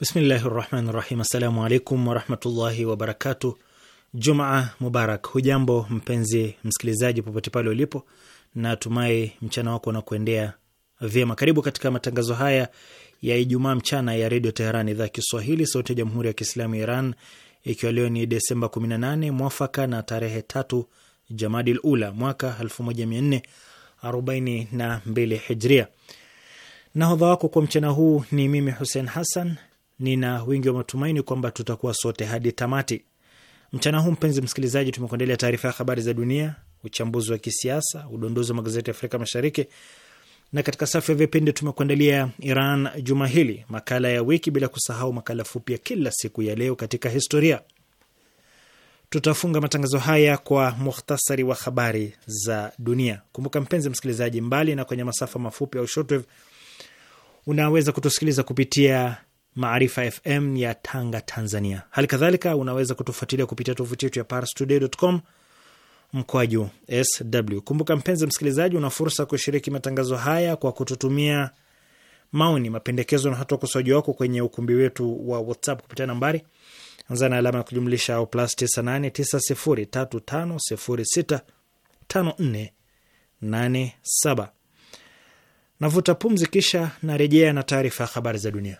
Bismillahi rahmani rahim. Assalamu alaikum warahmatullahi wabarakatu. Jumaa mubarak. Hujambo mpenzi msikilizaji, popote pale ulipo, na mchana wako unakuendea vyema. Karibu katika matangazo haya ya Ijumaa mchana ya Redio Teheran, idhaa ya Kiswahili, sauti ya Jamhuri ya Kiislamu ya Iran, ikiwa leo ni Desemba 18 mwafaka na tarehe tatu Jamadil Ula mwaka 1442 Hijria. Nahodha wako kwa mchana huu ni mimi Hussein Hassan nina wingi wa matumaini kwamba tutakuwa sote hadi tamati. Mchana huu, mpenzi msikilizaji, tumekuandalia taarifa ya habari za dunia, uchambuzi wa kisiasa, udondozi wa magazeti ya Afrika Mashariki, na katika safu ya vipindi tumekuandalia Iran juma hili, makala ya wiki, bila kusahau makala fupi ya kila siku ya leo katika historia. Tutafunga matangazo haya kwa muhtasari wa habari za dunia. Kumbuka mpenzi msikilizaji, mbali na kwenye masafa mafupi au shortwave, unaweza kutusikiliza kupitia Maarifa FM ya Tanga, Tanzania. Hali kadhalika unaweza kutufuatilia kupitia tovuti yetu ya parstoday.com mkwaju sw. Kumbuka mpenzi msikilizaji, una fursa kushiriki matangazo haya kwa kututumia maoni, mapendekezo na hata ukosoaji wako kwenye ukumbi wetu wa WhatsApp kupitia nambari anza na alama ya kujumlisha au plus 989035065487. Navuta pumzi, kisha narejea na taarifa ya habari za dunia.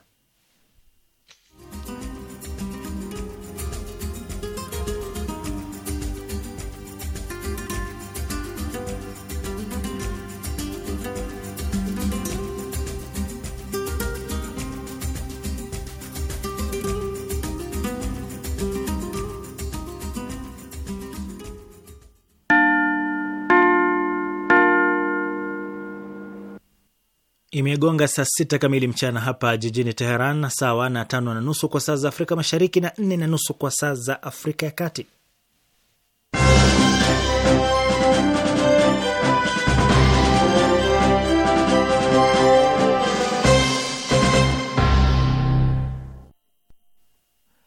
Imegonga saa sita kamili mchana hapa jijini Teheran, sawa na tano na nusu kwa saa za Afrika Mashariki na nne na nusu kwa saa za Afrika ya Kati.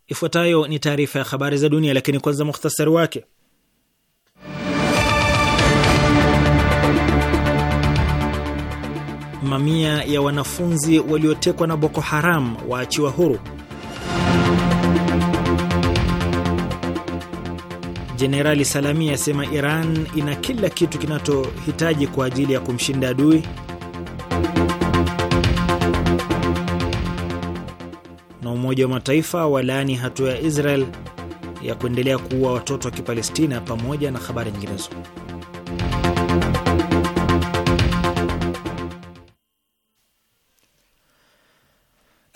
Ifuatayo ni taarifa ya habari za dunia, lakini kwanza muhtasari wake. mamia ya wanafunzi waliotekwa na Boko Haram waachiwa huru. Jenerali Salami asema Iran ina kila kitu kinachohitaji kwa ajili ya kumshinda adui. Na Umoja wa Mataifa walaani hatua ya Israel ya kuendelea kuua watoto wa Kipalestina pamoja na habari nyinginezo.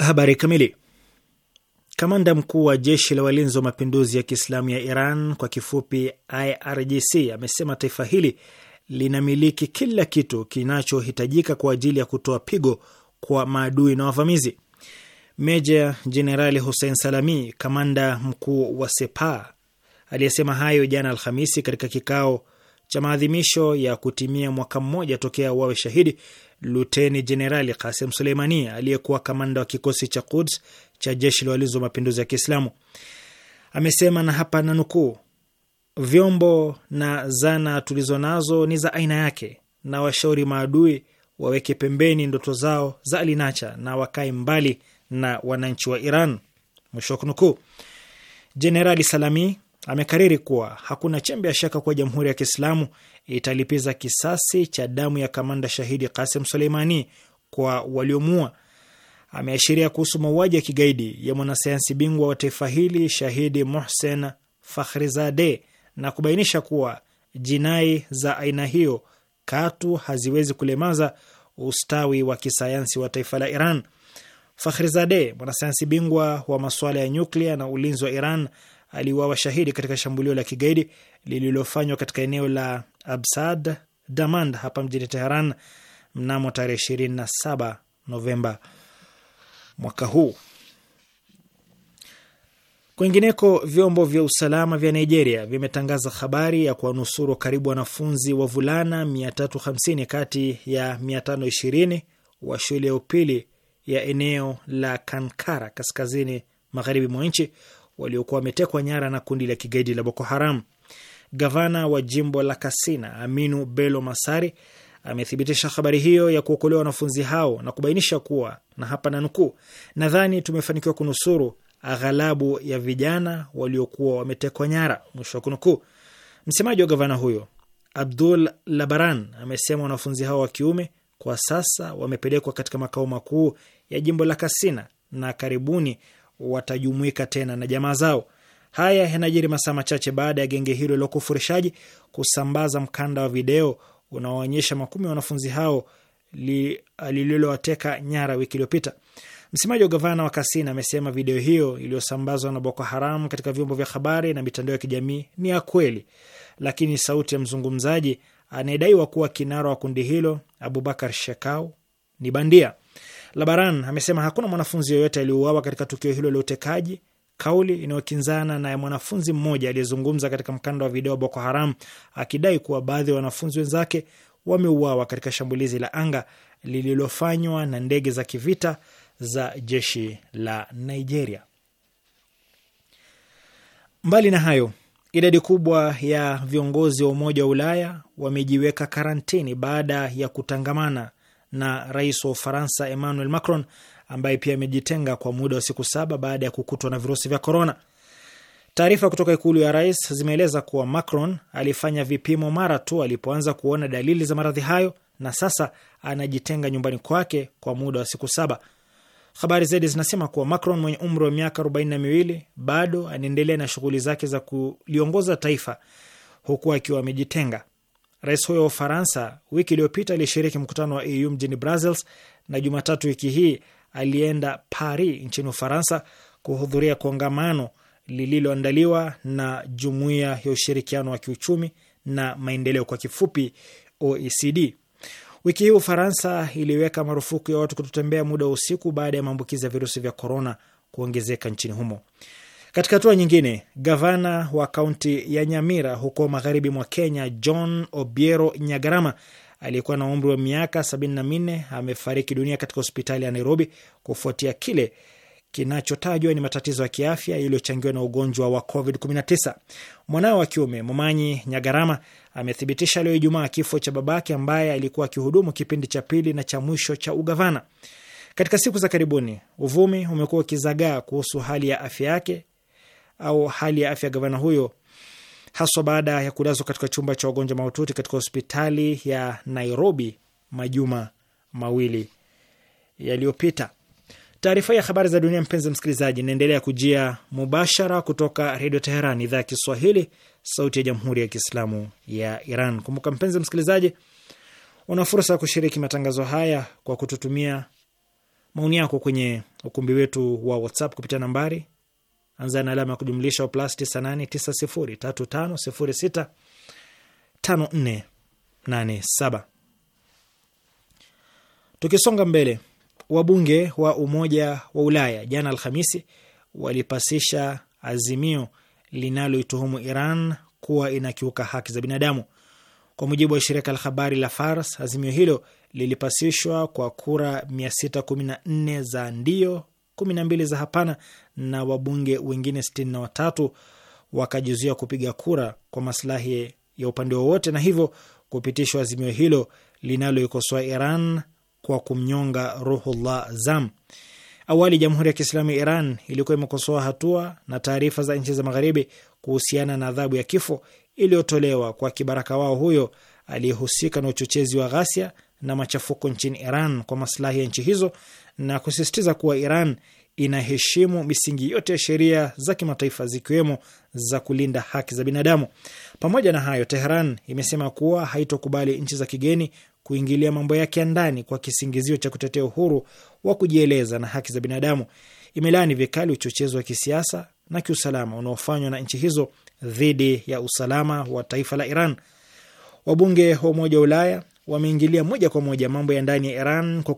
Habari kamili. Kamanda mkuu wa jeshi la walinzi wa mapinduzi ya Kiislamu ya Iran, kwa kifupi IRGC, amesema taifa hili linamiliki kila kitu kinachohitajika kwa ajili ya kutoa pigo kwa maadui na wavamizi. Meja Jenerali Hussein Salami, kamanda mkuu wa Sepa, aliyesema hayo jana Alhamisi katika kikao cha maadhimisho ya kutimia mwaka mmoja tokea wawe shahidi Luteni Jenerali Kasim Suleimani aliyekuwa kamanda wa kikosi cha Quds cha jeshi la walinzi wa mapinduzi ya Kiislamu amesema, na hapa na nukuu, vyombo na zana tulizo nazo ni za aina yake, na washauri maadui waweke pembeni ndoto zao za alinacha na wakae mbali na wananchi wa Iran, mwisho wa kunukuu. Jenerali Salami amekariri kuwa hakuna chembe ya shaka kuwa Jamhuri ya Kiislamu italipiza kisasi cha damu ya kamanda shahidi Kasim Suleimani kwa waliomua Ameashiria kuhusu mauaji ya kigaidi ya mwanasayansi bingwa wa taifa hili shahidi Mohsen fahrizade na kubainisha kuwa jinai za aina hiyo katu haziwezi kulemaza ustawi wa kisayansi wa taifa la Iran. Fakhrizadeh, mwanasayansi bingwa wa masuala ya nyuklia na ulinzi wa Iran, aliuawa shahidi katika shambulio la kigaidi lililofanywa katika eneo la Absad Damand hapa mjini Teheran mnamo tarehe saba Novemba mwaka huu. Kwingineko, vyombo vya usalama vya Nigeria vimetangaza habari ya kuwanusuru karibu wanafunzi wavulana 350 kati ya 520 wa shule ya upili ya eneo la Kankara kaskazini magharibi mwa nchi waliokuwa wametekwa nyara na kundi la kigaidi la Boko Haram. Gavana wa jimbo la Kasina, Aminu Bello Masari, amethibitisha habari hiyo ya kuokolewa wanafunzi hao na kubainisha kuwa, na hapa na nukuu, nadhani tumefanikiwa kunusuru aghalabu ya vijana waliokuwa wametekwa nyara, mwisho wa kunukuu. Msemaji wa gavana huyo Abdul Labaran amesema wanafunzi hao wa kiume kwa sasa wamepelekwa katika makao makuu ya jimbo la Kasina na karibuni watajumuika tena na jamaa zao. Haya yanajiri masaa machache baada ya genge hilo la ukufurishaji kusambaza mkanda wa video unaoonyesha makumi ya wanafunzi hao li, lililowateka nyara wiki iliyopita. Msemaji wa gavana wa Kasina amesema video hiyo iliyosambazwa na Boko Haram katika vyombo vya habari na mitandao ya kijamii ni ya kweli, lakini sauti ya mzungumzaji anayedaiwa kuwa kinara wa kundi hilo Abubakar Shekau ni bandia. Labaran amesema hakuna mwanafunzi yoyote aliyouawa katika tukio hilo la utekaji, kauli inayokinzana na ya mwanafunzi mmoja aliyezungumza katika mkanda wa video wa Boko Haram akidai kuwa baadhi ya wanafunzi wenzake wameuawa katika shambulizi la anga lililofanywa na ndege za kivita za jeshi la Nigeria. Mbali na hayo, idadi kubwa ya viongozi wa Umoja wa Ulaya wamejiweka karantini baada ya kutangamana na rais wa Ufaransa Emmanuel Macron ambaye pia amejitenga kwa muda wa siku saba baada ya kukutwa na virusi vya korona. Taarifa kutoka ikulu ya rais zimeeleza kuwa Macron alifanya vipimo mara tu alipoanza kuona dalili za maradhi hayo na sasa anajitenga nyumbani kwake kwa muda wa siku saba. Habari zaidi zinasema kuwa Macron mwenye umri wa miaka arobaini na miwili bado anaendelea na shughuli zake za kuliongoza taifa huku akiwa amejitenga. Rais huyo wa Ufaransa wiki iliyopita alishiriki mkutano wa EU mjini Brussels na Jumatatu wiki hii alienda Paris nchini Ufaransa kuhudhuria kongamano lililoandaliwa na Jumuiya ya Ushirikiano wa Kiuchumi na Maendeleo, kwa kifupi OECD. Wiki hii Ufaransa iliweka marufuku ya watu kutotembea muda wa usiku baada ya maambukizi ya virusi vya korona kuongezeka nchini humo. Katika hatua nyingine, gavana wa kaunti ya Nyamira huko magharibi mwa Kenya, John Obiero Nyagarama aliyekuwa na umri wa miaka 74 amefariki dunia katika hospitali ya Nairobi kufuatia kile kinachotajwa ni matatizo ya kiafya yaliyochangiwa na ugonjwa wa COVID-19. Mwanao wa kiume Mumanyi Nyagarama amethibitisha leo Ijumaa kifo cha babake ambaye alikuwa akihudumu kipindi cha pili na cha mwisho cha ugavana. Katika siku za karibuni, uvumi umekuwa ukizagaa kuhusu hali ya afya yake au hali ya afya ya gavana huyo haswa baada ya kulazwa katika chumba cha wagonjwa mahututi katika hospitali ya Nairobi majuma mawili yaliyopita. Taarifa ya habari za dunia, mpenzi msikilizaji, inaendelea kujia mubashara kutoka Redio Teheran, idhaa ya Kiswahili, sauti ya Jamhuri ya Kiislamu ya Iran. Kumbuka mpenzi msikilizaji, una fursa ya kushiriki matangazo haya kwa kututumia maoni yako kwenye ukumbi wetu wa WhatsApp kupitia nambari anza na alama ya kujumlisha plus 989035065487. Tukisonga mbele, wabunge wa Umoja wa Ulaya jana Alhamisi walipasisha azimio linaloituhumu Iran kuwa inakiuka haki za binadamu. Kwa mujibu wa shirika la habari la Fars, azimio hilo lilipasishwa kwa kura 614 za ndio, 12 za hapana na wabunge wengine sitini na watatu wakajizuia kupiga kura kwa maslahi ya upande wowote, na hivyo kupitishwa azimio hilo linaloikosoa Iran kwa kumnyonga Ruhullah Zam. Awali Jamhuri ya Kiislamu ya Iran ilikuwa imekosoa hatua na taarifa za nchi za Magharibi kuhusiana na adhabu ya kifo iliyotolewa kwa kibaraka wao huyo aliyehusika na uchochezi wa ghasia na machafuko nchini Iran kwa maslahi ya nchi hizo na kusisitiza kuwa Iran inaheshimu misingi yote ya sheria za kimataifa zikiwemo za kulinda haki za binadamu. Pamoja na hayo, Tehran imesema kuwa haitokubali nchi za kigeni kuingilia mambo yake ya ndani kwa kisingizio cha kutetea uhuru wa kujieleza na haki za binadamu. Imelaani vikali uchochezi wa kisiasa na kiusalama unaofanywa na nchi hizo dhidi ya usalama wa taifa la Iran. Wabunge wa Umoja wa Ulaya wameingilia moja kwa moja mambo ya ndani ya Iran kwa,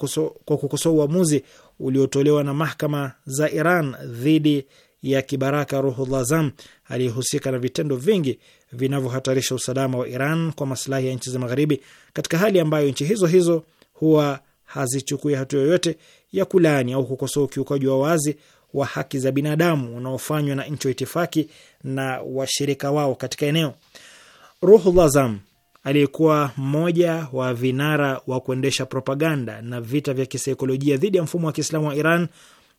kukosoa uamuzi uliotolewa na mahakama za Iran dhidi ya kibaraka Ruhullah Zam aliyehusika na vitendo vingi vinavyohatarisha usalama wa Iran kwa masilahi ya nchi za Magharibi, katika hali ambayo nchi hizo hizo huwa hazichukui hatua yoyote ya kulaani au kukosoa ukiukaji wa wazi wa haki za binadamu unaofanywa na nchi wa itifaki na washirika wao katika eneo. Ruhullah Zam aliyekuwa mmoja wa vinara wa kuendesha propaganda na vita vya kisaikolojia dhidi ya mfumo wa Kiislamu wa Iran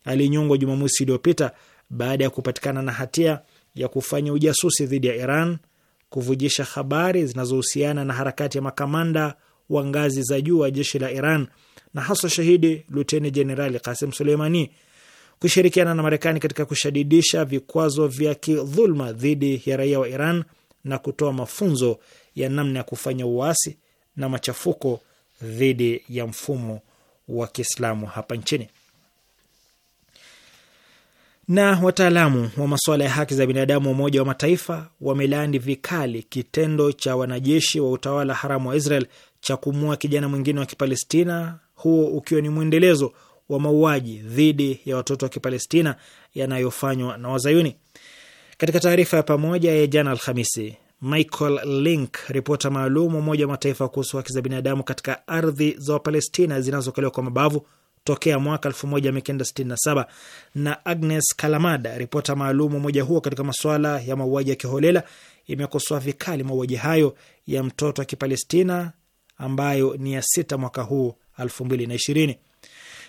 alinyongwa Jumamosi iliyopita baada ya kupatikana na hatia ya kufanya ujasusi dhidi ya Iran, kuvujisha habari zinazohusiana na harakati ya makamanda wa ngazi za juu wa jeshi la Iran na haswa shahidi luteni jenerali Kasim Suleimani, kushirikiana na Marekani katika kushadidisha vikwazo vya kidhulma dhidi ya raia wa Iran na kutoa mafunzo ya namna ya kufanya uasi na machafuko dhidi ya mfumo wa Kiislamu hapa nchini. Na wataalamu wa masuala ya haki za binadamu wa Umoja wa Mataifa wamelaani vikali kitendo cha wanajeshi wa utawala haramu wa Israel cha kumua kijana mwingine wa Kipalestina, huo ukiwa ni mwendelezo wa mauaji dhidi ya watoto wa Kipalestina yanayofanywa na Wazayuni. Katika taarifa ya pamoja ya jana Alhamisi, Michael Link, ripota maalum Umoja wa Mataifa kuhusu haki za binadamu katika ardhi za Wapalestina zinazokaliwa kwa mabavu tokea mwaka 1967 na Agnes Kalamada, ripota maalum umoja huo katika masuala ya mauaji ya kiholela, imekosoa vikali mauaji hayo ya mtoto wa Kipalestina ambayo ni ya sita mwaka huu 2020.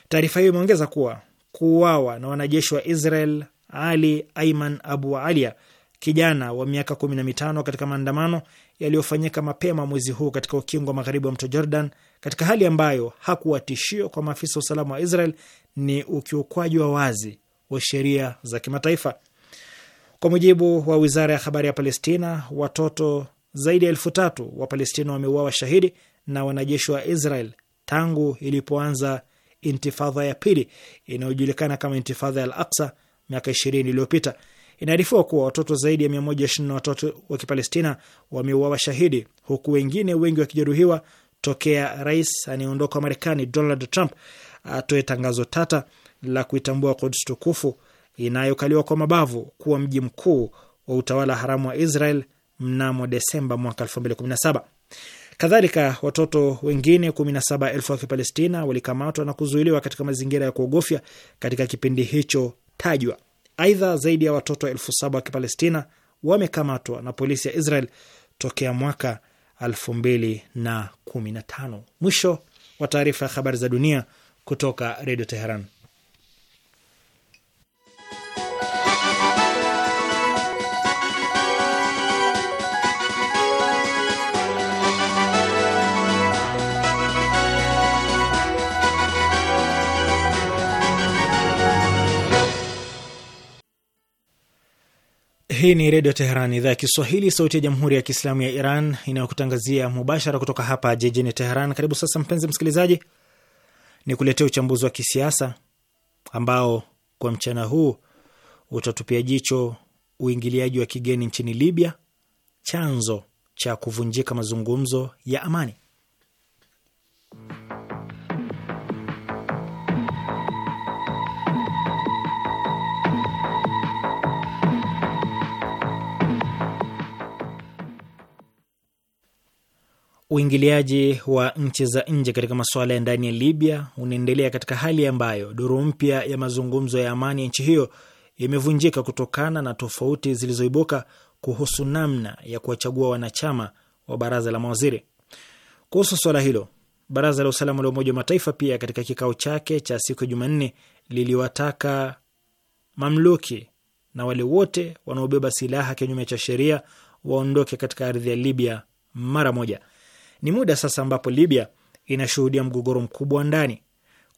Taarifa hiyo imeongeza kuwa kuuawa na wanajeshi wa Israel Ali Aiman Abu Alia kijana wa miaka kumi na mitano katika maandamano yaliyofanyika mapema mwezi huu katika ukingo wa magharibi wa mto Jordan, katika hali ambayo hakuwa tishio kwa maafisa wa usalama wa Israel ni ukiukwaji wa wazi wa sheria za kimataifa. Kwa mujibu wa wizara ya habari ya Palestina, watoto zaidi ya elfu tatu wa Palestina wameuawa shahidi na wanajeshi wa Israel tangu ilipoanza intifadha ya pili inayojulikana kama intifadha ya Al Aksa miaka ishirini iliyopita. Inaarifiwa kuwa watoto zaidi ya 123 wa Kipalestina wameuawa shahidi huku wengine wengi wakijeruhiwa tokea rais anayeondoka Marekani Donald Trump atoe tangazo tata la kuitambua Quds tukufu inayokaliwa kwa mabavu kuwa mji mkuu wa utawala haramu wa Israel mnamo Desemba mwaka 2017. Kadhalika, watoto wengine 17,000 wa Kipalestina walikamatwa na kuzuiliwa katika mazingira ya kuogofya katika kipindi hicho tajwa. Aidha, zaidi ya watoto elfu saba wa Kipalestina wamekamatwa na polisi ya Israel tokea mwaka 2015. Mwisho wa taarifa ya habari za dunia kutoka Redio Teheran. Hii ni Redio Teheran, idhaa ya Kiswahili, sauti ya Jamhuri ya Kiislamu ya Iran inayokutangazia mubashara kutoka hapa jijini Teheran. Karibu sasa, mpenzi msikilizaji, ni kuletea uchambuzi wa kisiasa ambao kwa mchana huu utatupia jicho uingiliaji wa kigeni nchini Libya, chanzo cha kuvunjika mazungumzo ya amani. Uingiliaji wa nchi za nje katika masuala ya ndani ya Libya unaendelea katika hali ambayo duru mpya ya mazungumzo ya amani ya nchi hiyo imevunjika kutokana na tofauti zilizoibuka kuhusu namna ya kuwachagua wanachama wa baraza la mawaziri. Kuhusu swala hilo, baraza la usalama la Umoja wa Mataifa pia katika kikao chake cha siku ya Jumanne liliwataka mamluki na wale wote wanaobeba silaha kinyume cha sheria waondoke katika ardhi ya Libya mara moja. Ni muda sasa ambapo Libya inashuhudia mgogoro mkubwa wa ndani.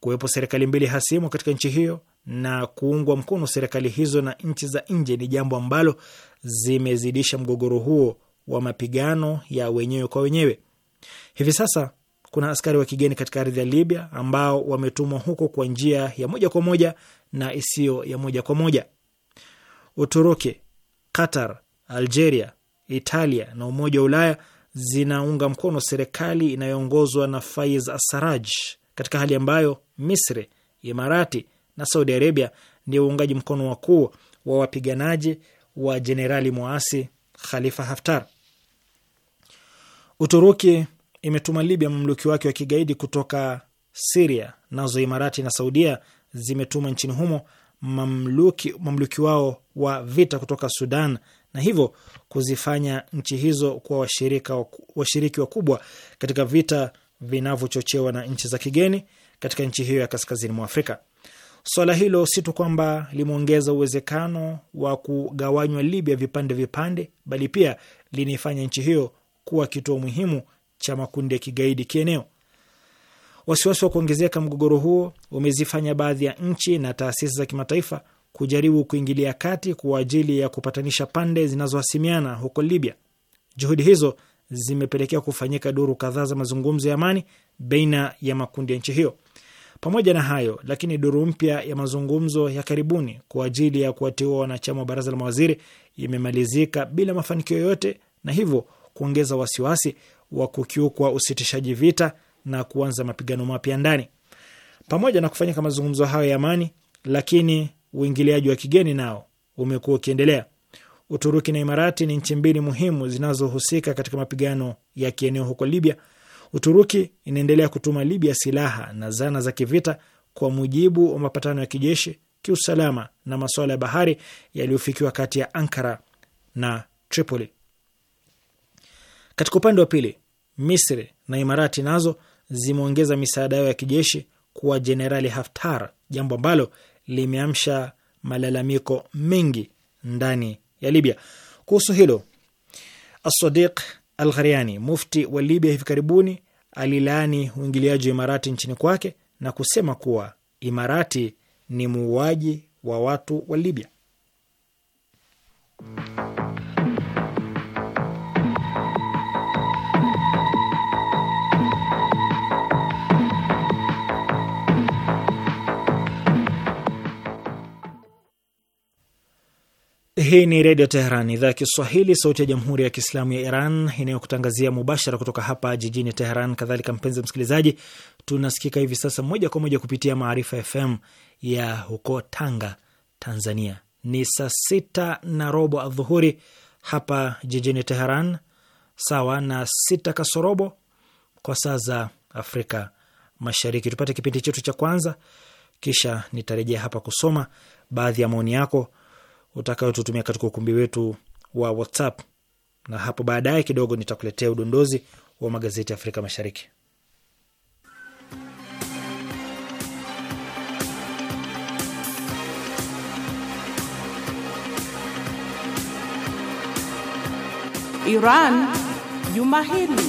Kuwepo serikali mbili hasimu katika nchi hiyo na kuungwa mkono serikali hizo na nchi za nje ni jambo ambalo zimezidisha mgogoro huo wa mapigano ya wenyewe kwa wenyewe. Hivi sasa kuna askari wa kigeni katika ardhi ya Libya ambao wametumwa huko kwa njia ya moja kwa moja na isiyo ya moja kwa moja. Uturuki, Qatar, Algeria, Italia na Umoja wa Ulaya zinaunga mkono serikali inayoongozwa na Faiz Asaraj katika hali ambayo Misri, Imarati na Saudi Arabia ndio uungaji mkono wakuu wa wapiganaji wa jenerali mwasi Khalifa Haftar. Uturuki imetuma Libya mamluki wake wa kigaidi kutoka Siria. Nazo Imarati na Saudia zimetuma nchini humo mamluki, mamluki wao wa vita kutoka Sudan na hivyo kuzifanya nchi hizo kuwa washiriki wakubwa katika vita vinavyochochewa na nchi za kigeni katika nchi hiyo ya kaskazini mwa Afrika. Swala hilo si tu kwamba limeongeza uwezekano wa kugawanywa Libya vipande vipande, bali pia linaifanya nchi hiyo kuwa kituo muhimu cha makundi ya kigaidi kieneo. Wasiwasi wa kuongezeka mgogoro huo umezifanya baadhi ya nchi na taasisi za kimataifa kujaribu kuingilia kati kwa ajili ya kupatanisha pande zinazohasimiana huko Libya. Juhudi hizo zimepelekea kufanyika duru kadhaa za mazungumzo ya amani baina ya makundi ya nchi hiyo. Pamoja na hayo lakini, duru mpya ya mazungumzo ya karibuni kwa ajili ya kuwateua wanachama wa baraza la mawaziri imemalizika bila mafanikio yoyote, na hivyo kuongeza wasiwasi wa kukiukwa usitishaji vita na kuanza mapigano mapya ndani. Pamoja na kufanyika mazungumzo hayo ya amani, lakini uingiliaji wa kigeni nao umekuwa ukiendelea. Uturuki na Imarati ni nchi mbili muhimu zinazohusika katika mapigano ya kieneo huko Libya. Uturuki inaendelea kutuma Libya silaha na zana za kivita kwa mujibu wa mapatano ya kijeshi, kiusalama na masuala ya bahari yaliyofikiwa kati ya Ankara na Tripoli. Katika upande wa pili, Misri na Imarati nazo zimeongeza misaada yao ya kijeshi kuwa Jenerali Haftar, jambo ambalo limeamsha malalamiko mengi ndani ya Libya. Kuhusu hilo, Asadiq Al Ghariani, mufti wa Libya, hivi karibuni alilaani uingiliaji wa Imarati nchini kwake na kusema kuwa Imarati ni muuaji wa watu wa Libya. Hii ni Redio Teheran, idhaa ya Kiswahili, sauti ya Jamhuri ya Kiislamu ya Iran inayokutangazia mubashara kutoka hapa jijini Teheran. Kadhalika mpenzi msikilizaji, tunasikika hivi sasa moja kwa moja kupitia Maarifa FM ya huko Tanga, Tanzania. Ni saa sita na robo adhuhuri hapa jijini Teheran, sawa na sita kasorobo kwa saa za Afrika Mashariki. Tupate kipindi chetu cha kwanza, kisha nitarejea hapa kusoma baadhi ya maoni yako utakayotutumia katika ukumbi wetu wa WhatsApp, na hapo baadaye kidogo nitakuletea udondozi wa magazeti ya Afrika Mashariki. Iran juma hili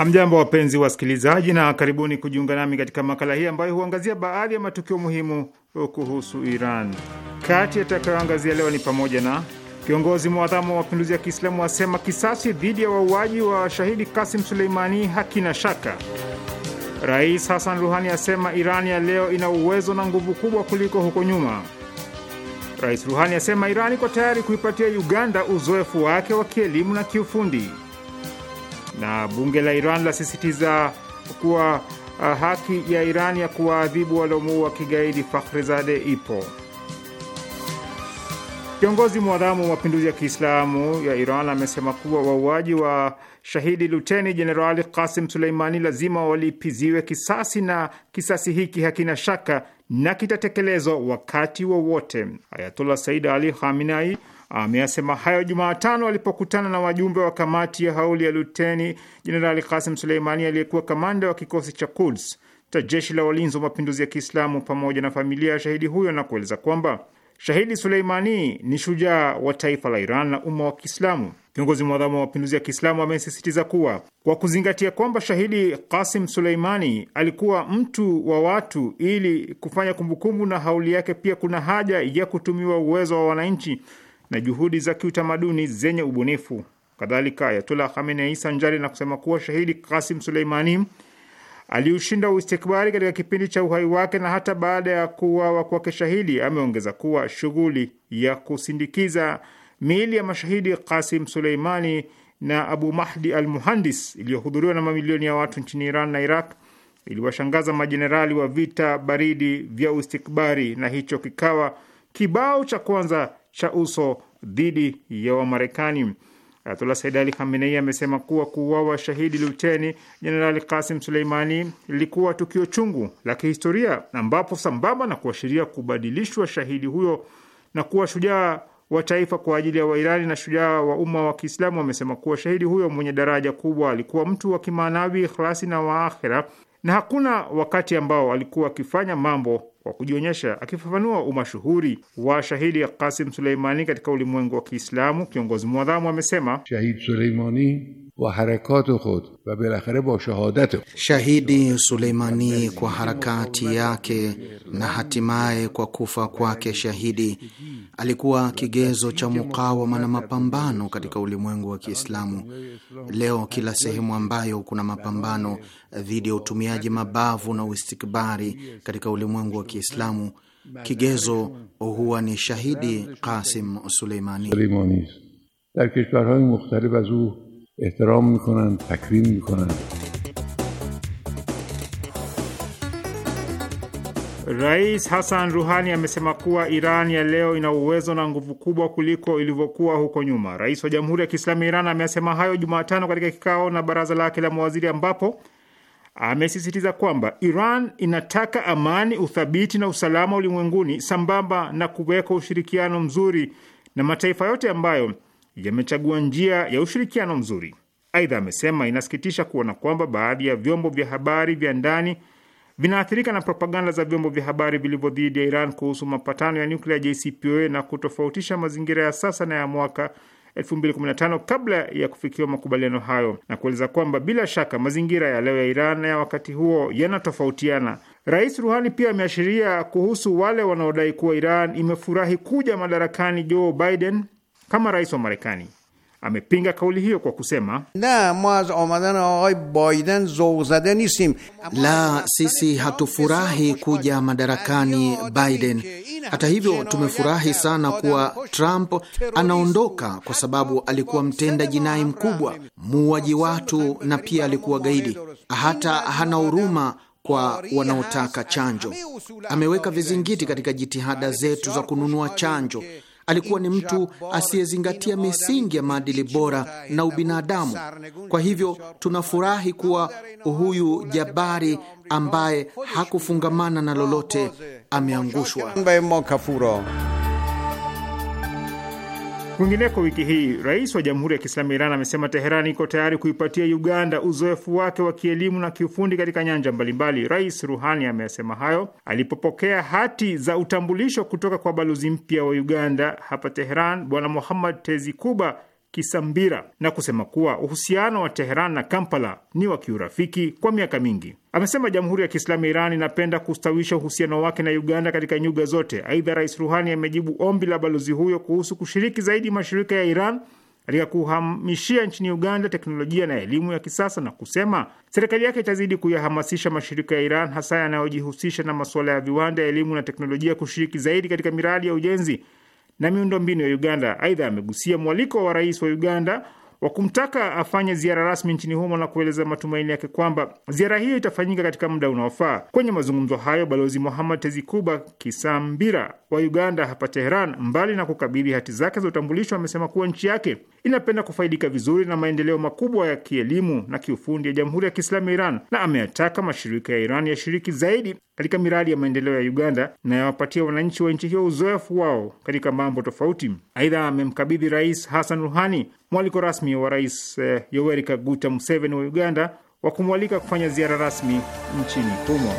Hamjambo, wapenzi wasikilizaji, na karibuni kujiunga nami katika makala hii ambayo huangazia baadhi ya matukio muhimu uh, kuhusu Iran. Kati yatakayoangazia leo ni pamoja na kiongozi mwadhamu wa mapinduzi ya Kiislamu asema kisasi dhidi ya wauaji wa shahidi Kasim Suleimani hakina shaka. Rais Hasan Ruhani asema Iran ya leo ina uwezo na nguvu kubwa kuliko huko nyuma. Rais Ruhani asema Iran iko tayari kuipatia Uganda uzoefu wake wa kielimu na kiufundi na bunge la Iran lasisitiza kuwa uh, haki ya Iran ya kuwaadhibu waliomuua kigaidi Fakhrizade ipo. Kiongozi mwadhamu wa mapinduzi ya Kiislamu ya Iran amesema kuwa wauaji wa shahidi luteni jenerali Kasim Suleimani lazima walipiziwe kisasi na kisasi hiki hakina shaka na kitatekelezwa wakati wowote wa Ayatollah Said Ali Khamenei ameyasema hayo Jumatano alipokutana na wajumbe wa kamati ya hauli ya Luteni Jenerali Kasim Suleimani aliyekuwa kamanda wa kikosi cha Kuds cha jeshi la walinzi wa mapinduzi ya Kiislamu pamoja na familia ya shahidi huyo na kueleza kwamba shahidi Suleimani ni shujaa wa taifa la Iran na umma wa Kiislamu. Kiongozi mwadhamu wa mapinduzi ya Kiislamu amesisitiza kuwa kwa kuzingatia kwamba shahidi Kasim Suleimani alikuwa mtu wa watu, ili kufanya kumbukumbu na hauli yake, pia kuna haja ya kutumiwa uwezo wa wananchi na juhudi za kiutamaduni zenye ubunifu. Kadhalika, Ayatullah Khamenei sanjari na kusema kuwa shahidi Kasim Suleimani aliushinda uistikbari katika kipindi cha uhai wake na hata baada ya kuuawa kwake shahidi. Ameongeza kuwa shughuli ya kusindikiza miili ya mashahidi Kasim Suleimani na Abu Mahdi al Muhandis iliyohudhuriwa na mamilioni ya watu nchini Iran na Iraq iliwashangaza majenerali wa vita baridi vya uistikbari, na hicho kikawa kibao cha kwanza cha uso dhidi ya Wamarekani. Ayatullah Said Ali Khamenei amesema kuwa kuuawa shahidi luteni jenerali Kasim Suleimani ilikuwa tukio chungu la kihistoria, ambapo sambamba na kuashiria kubadilishwa shahidi huyo na kuwa shujaa wa taifa kwa ajili ya Wairani na shujaa wa umma wa Kiislamu, wamesema kuwa shahidi huyo mwenye daraja kubwa alikuwa mtu wa kimaanawi, ikhlasi na waakhira, na hakuna wakati ambao alikuwa akifanya mambo wa kujionyesha. Akifafanua umashuhuri wa shahidi Kasim Suleimani katika ulimwengu wa Kiislamu, kiongozi mwadhamu amesema shahid Suleimani و حرکات خود و بالاخره با شهادت خود. Shahidi Suleimani kwa harakati yake na hatimaye kwa kufa kwake shahidi alikuwa kigezo cha mukawama na mapambano katika ulimwengu wa Kiislamu. Leo kila sehemu ambayo kuna mapambano dhidi ya utumiaji mabavu na uistikbari katika ulimwengu wa Kiislamu, kigezo huwa ni shahidi Qasim Suleimani. در کشورهای احترام میکنن تکریم میکنن Rais Hassan Ruhani amesema kuwa Iran ya leo ina uwezo na nguvu kubwa kuliko ilivyokuwa huko nyuma. Rais wa Jamhuri ya Kiislamu ya Iran amesema hayo Jumatano katika kikao na baraza lake la mawaziri ambapo amesisitiza kwamba Iran inataka amani, uthabiti na usalama ulimwenguni sambamba na kuweka ushirikiano mzuri na mataifa yote ambayo yamechagua njia ya ushirikiano mzuri. Aidha amesema inasikitisha kuona kwamba baadhi ya vyombo vya habari vya ndani vinaathirika na propaganda za vyombo vya habari vilivyo dhidi ya Iran kuhusu mapatano ya nyuklia JCPOA na kutofautisha mazingira ya sasa na ya mwaka 2015 kabla ya kufikiwa makubaliano hayo, na kueleza kwamba bila shaka mazingira ya leo ya Iran na ya wakati huo yanatofautiana. Rais Ruhani pia ameashiria kuhusu wale wanaodai kuwa Iran imefurahi kuja madarakani Joe Biden kama rais wa Marekani amepinga kauli hiyo kwa kusema la, sisi hatufurahi kuja madarakani Biden. Hata hivyo, tumefurahi sana kuwa Trump anaondoka, kwa sababu alikuwa mtenda jinai mkubwa, muuaji watu, na pia alikuwa gaidi. Hata hana huruma kwa wanaotaka chanjo. Ameweka vizingiti katika jitihada zetu za kununua chanjo alikuwa ni mtu asiyezingatia misingi ya maadili bora na ubinadamu. Kwa hivyo tunafurahi kuwa huyu jabari ambaye hakufungamana na lolote ameangushwa. Kwingineko wiki hii, rais wa Jamhuri ya Kiislamu ya Iran amesema Teherani iko tayari kuipatia Uganda uzoefu wake wa kielimu na kiufundi katika nyanja mbalimbali. Rais Ruhani amesema hayo alipopokea hati za utambulisho kutoka kwa balozi mpya wa Uganda hapa Teheran, Bwana Muhammad Tezi Kuba Kisambira na kusema kuwa uhusiano wa Teheran na Kampala ni wa kiurafiki kwa miaka mingi. Amesema Jamhuri ya Kiislamu ya Iran inapenda kustawisha uhusiano wake na Uganda katika nyuga zote. Aidha, Rais Ruhani amejibu ombi la balozi huyo kuhusu kushiriki zaidi mashirika ya Iran katika kuhamishia nchini Uganda teknolojia na elimu ya kisasa na kusema serikali yake itazidi kuyahamasisha mashirika ya Iran hasa yanayojihusisha na masuala ya viwanda, elimu na teknolojia kushiriki zaidi katika miradi ya ujenzi na miundombinu ya Uganda. Aidha, amegusia mwaliko wa rais wa Uganda wa kumtaka afanye ziara rasmi nchini humo na kueleza matumaini yake kwamba ziara hiyo itafanyika katika muda unaofaa. Kwenye mazungumzo hayo, Balozi Muhammad Tezikuba Kisambira wa Uganda hapa Teheran, mbali na kukabidhi hati zake za utambulisho, amesema kuwa nchi yake inapenda kufaidika vizuri na maendeleo makubwa ya kielimu na kiufundi ya Jamhuri ya Kiislamu ya Iran na ameyataka mashirika ya Iran yashiriki zaidi katika miradi ya maendeleo ya Uganda na yawapatia wananchi wa nchi hiyo uzoefu wao katika mambo tofauti. Aidha, amemkabidhi Rais Hassan Ruhani mwaliko rasmi wa Rais eh, Yoweri Kaguta Museveni wa Uganda wa kumwalika kufanya ziara rasmi nchini humo.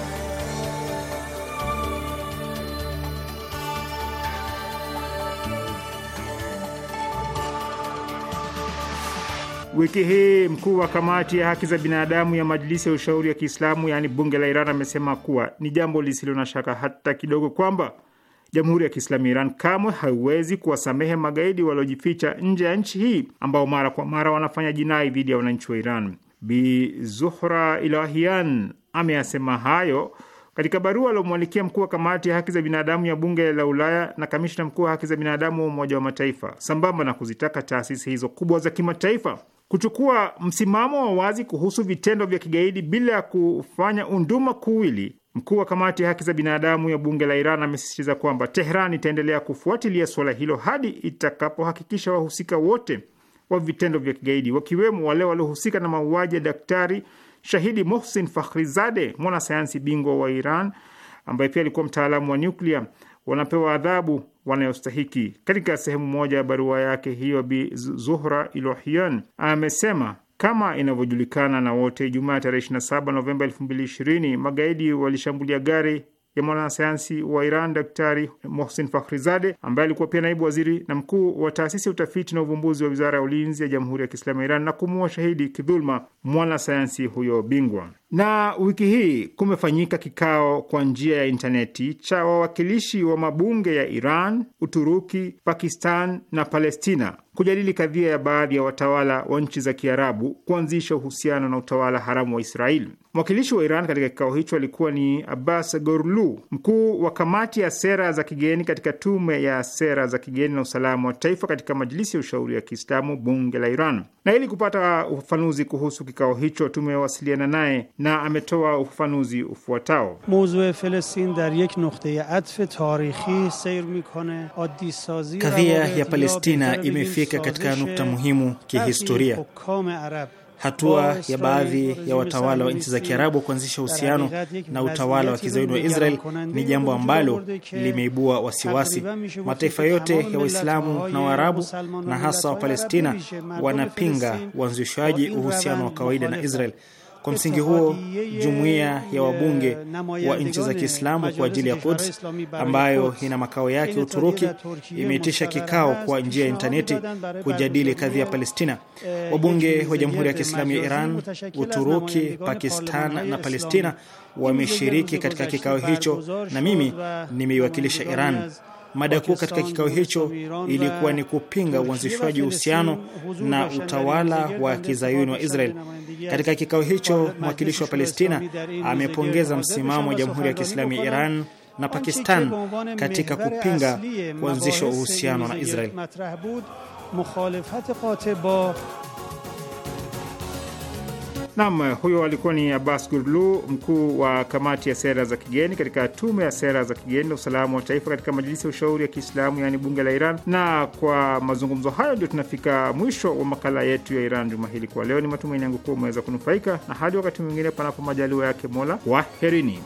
Wiki hii mkuu wa kamati ya haki za binadamu ya Majlisi ya Ushauri ya Kiislamu, yaani bunge la Iran, amesema kuwa ni jambo lisilo na shaka hata kidogo kwamba Jamhuri ya Kiislamu ya Iran kamwe haiwezi kuwasamehe magaidi waliojificha nje ya nchi hii ambao mara kwa mara wanafanya jinai dhidi ya wananchi wa Iran. Bi Zuhra Ilahian ameyasema hayo katika barua aliomwandikia mkuu wa kamati ya haki za binadamu ya bunge la Ulaya na kamishna mkuu wa haki za binadamu wa Umoja wa Mataifa, sambamba na kuzitaka taasisi hizo kubwa za kimataifa kuchukua msimamo wa wazi kuhusu vitendo vya kigaidi bila ya kufanya unduma kuwili Mkuu wa kamati ya haki za binadamu ya bunge la Iran amesisitiza kwamba Tehran itaendelea kufuatilia suala hilo hadi itakapohakikisha wahusika wote wa vitendo vya kigaidi wakiwemo wale waliohusika na mauaji ya daktari shahidi Mohsin Fakhrizade, mwanasayansi bingwa wa Iran ambaye pia alikuwa mtaalamu wa nyuklia, wanapewa adhabu wanayostahiki. Katika sehemu moja ya barua yake hiyo, Bi Zuhra Ilohian amesema kama inavyojulikana na wote, Jumaa tarehe 27 Novemba 2020 magaidi walishambulia gari ya mwanasayansi wa Iran Daktari Mohsin Fakhrizade ambaye alikuwa pia naibu waziri na mkuu wa taasisi ya utafiti na uvumbuzi wa wizara ya ulinzi ya Jamhuri ya Kiislamu ya Iran na kumuua shahidi kidhuluma mwanasayansi huyo bingwa. Na wiki hii kumefanyika kikao kwa njia ya intaneti cha wawakilishi wa mabunge ya Iran, Uturuki, Pakistan na Palestina kujadili kadhia ya baadhi ya watawala wa nchi za Kiarabu kuanzisha uhusiano na utawala haramu wa Israeli. Mwakilishi wa Iran katika kikao hicho alikuwa ni Abbas Gorlu, mkuu wa kamati ya sera za kigeni katika tume ya sera za kigeni na usalama wa taifa katika Majilisi ya ushauri ya Kiislamu, bunge la Iran. Na ili kupata ufafanuzi kuhusu kikao hicho tumewasiliana naye na ametoa ufafanuzi ufuatao. Kadhia ya Palestina imefika katika nukta muhimu kihistoria. Hatua ya baadhi ya watawala wa nchi za Kiarabu kuanzisha uhusiano na utawala wa kizayuni wa Israel ni jambo ambalo limeibua wasiwasi. Mataifa yote ya Waislamu na Waarabu na hasa Wapalestina wanapinga uanzishaji uhusiano wa kawaida na Israel. Kwa msingi huo, jumuiya ya wabunge wa nchi za Kiislamu kwa ajili ya Quds ambayo ina makao yake Uturuki imeitisha kikao kwa njia ya intaneti kujadili kadhi ya Palestina. Wabunge wa Jamhuri ya Kiislamu ya Iran, Uturuki, Pakistan na Palestina wameshiriki katika kikao hicho na mimi nimeiwakilisha Iran. Mada kuu katika kikao hicho ilikuwa ni kupinga uanzishwaji uhusiano na utawala wa kizayuni wa Israel. Katika kikao hicho, mwakilishi wa Palestina amepongeza msimamo wa Jamhuri ya Kiislamu ya Iran na Pakistan katika kupinga kuanzishwa uhusiano na Israel. Nam, huyo alikuwa ni Abbas Gurlu, mkuu wa kamati ya sera za kigeni katika tume ya sera za kigeni na usalama wa taifa katika majilisi ya ushauri ya Kiislamu, yaani bunge la Iran. Na kwa mazungumzo hayo ndio tunafika mwisho wa makala yetu ya Iran juma hili kwa leo. Ni matumaini yangu kuwa umeweza kunufaika, na hadi wakati mwingine, panapo majaliwa yake Mola, waherini.